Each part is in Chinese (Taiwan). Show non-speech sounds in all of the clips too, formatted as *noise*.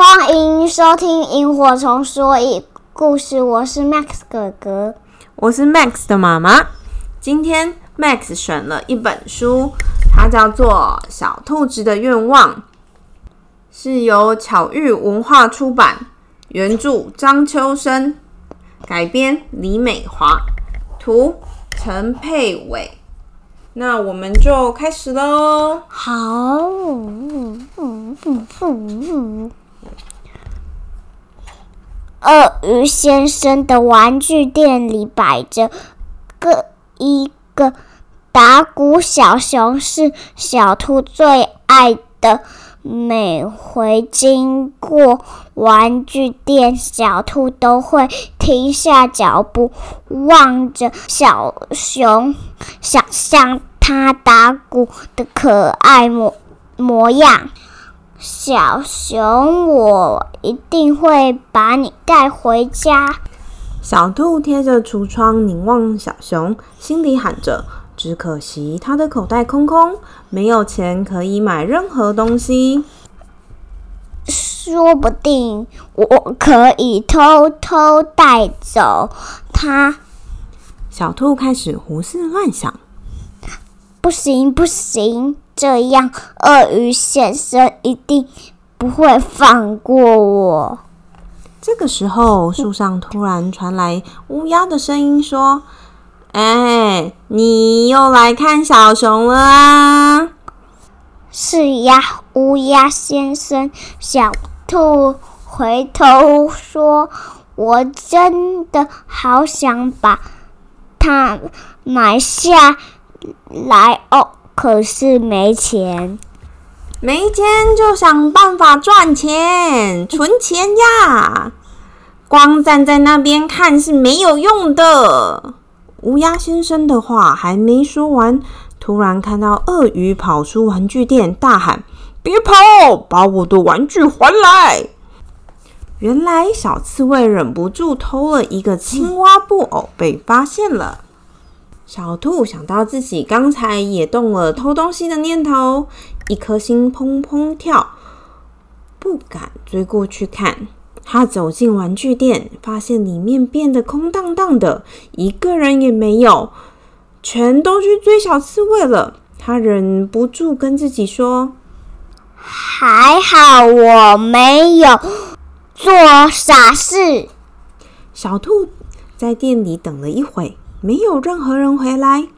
歡迎收聽《螢火蟲說》故事，我是 Max 哥哥，我是 Max 的媽媽。今天 Max 選了一本書，它叫做《小兔子的願望》，是由巧育文化出版，原著張秋生，改編李美華，圖陳珮瑋。那我們就開始嘍。好。嗯嗯嗯嗯鱷魚先生的玩具店裡擺着個一個打鼓小熊，是小兔最愛的。每回經過玩具店，小兔都會停下腳步，望着小熊，想象它打鼓的可愛模模樣。小熊，我一定會把你帶回家。小兔貼着櫥窗凝望小熊，心裡喊着：“只可惜他的口袋空空，沒有錢可以買任何東西。”說不定我可以偷偷帶走他。小兔開始胡思亂想：“不行，不行！”這樣，鱷魚先生一定不會放過我。這個時候，樹上突然傳來烏鴉的聲音，說：“哎，你又來看小熊了啊。”“是呀，烏鴉先生。”小兔回頭說：“我真的好想把它買下來哦。”可是沒錢，沒錢就想辦法賺錢、存錢呀！ *laughs* 光站在那邊看是沒有用的。烏鴉先生的話還沒說完,突然看到鱷魚跑出玩具店，大喊：“ *laughs* 別跑哦！把我的玩具還來！”原來小刺蝟忍不住偷了一個青蛙布偶，被發現了。小兔想到自己剛才也動了偷東西的念頭，一顆心砰砰跳，不敢追過去看。他走進玩具店，發現裡面變得空蕩蕩的，一個人也沒有，全都去追小刺蝟了。他忍不住跟自己說：“還好我沒有做傻事。”小兔在店裡等了一會兒。沒有任何人回來。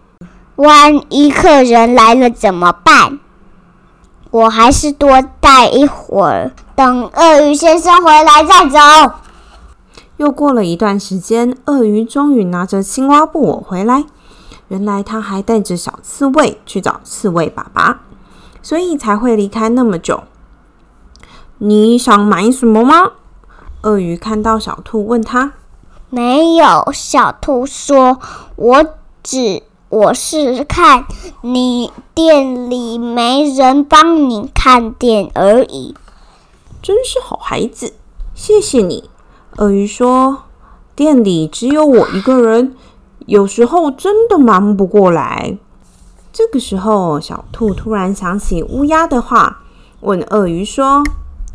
萬一客人來了怎麼辦？我還是多待一會兒，等鱷魚先生回來再走。又過了一段時間，鱷魚終於拿着青蛙布偶回來。原來他還帶着小刺蝟去找刺蝟爸爸，所以才會離開那麼久。你想買什麼嗎？鱷魚看到小兔，問他。沒有，小兔說：“我只我是看你店裡沒人幫你看店而已。”真是好孩子，謝謝你。鱷魚說：“店裡只有我一個人，有時候真的忙不過來。”這個時候，小兔突然想起烏鴉的話，問鱷魚說：“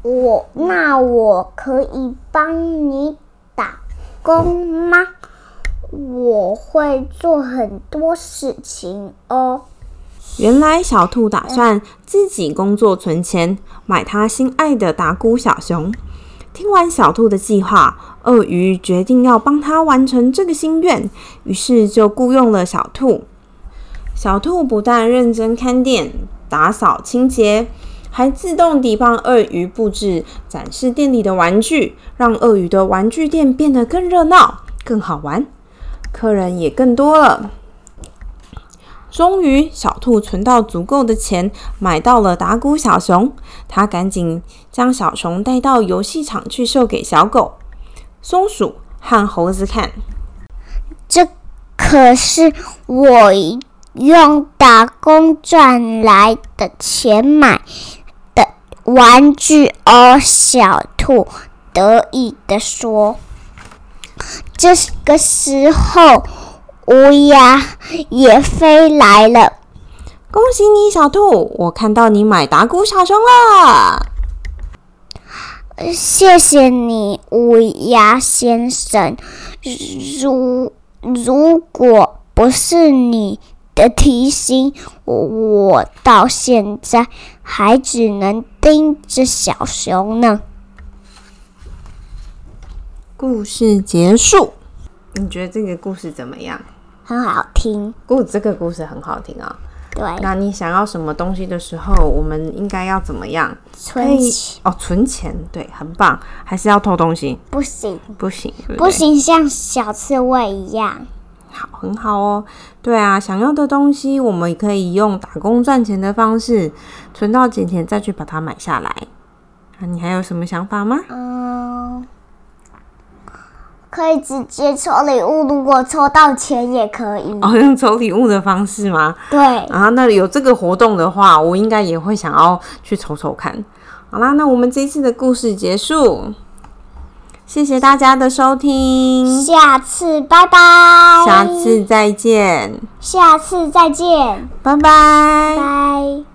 我，那我可以幫你？”公嗎？我會做很多事情哦。原來小兔打算自己工作存錢，嗯、買他心愛的打鼓小熊。聽完小兔的計劃，鱷魚決定要幫他完成這個心願，於是就僱傭了小兔。小兔不但認真看店、打掃清潔，還自動地幫鱷魚布置展示店裡的玩具，讓鱷魚的玩具店變得更熱鬧、更好玩，客人也更多了。終於，小兔存到足夠的錢，買到了打鼓小熊。他趕緊將小熊帶到遊戲場去，秀給小狗、松鼠和猴子看。這可是我用打工賺來的錢買。玩具哦，小兔得意地說：“這個時候，烏鴉也飛來了。恭喜你，小兔，我看到你買打鼓小熊了。謝謝你，烏鴉先生，如如果不是你。”的提醒，我到現在還只能盯着小熊呢。故事結束。你覺得這個故事怎麼樣？很好聽。故這個故事很好聽啊、哦。對。那你想要什麼東西的時候，我們應該要怎麼樣？存錢哦，存錢，對，很棒。還是要偷東西？不行，不行，對不對，不行，像小刺蝟一樣。好，很好哦。對啊，想要的東西，我們可以用打工賺錢的方式存到錢錢，再去把它買下來。啊，你還有什麼想法嗎？嗯，可以直接抽禮物，如果抽到錢也可以。哦，用抽禮物的方式嗎？對。然後，那裡有這個活動的話，我應該也會想要去抽抽看。好啦，那我們這次的故事結束。謝謝大家的收聽，下次拜拜，下次再見，下次再見，拜拜，拜，拜。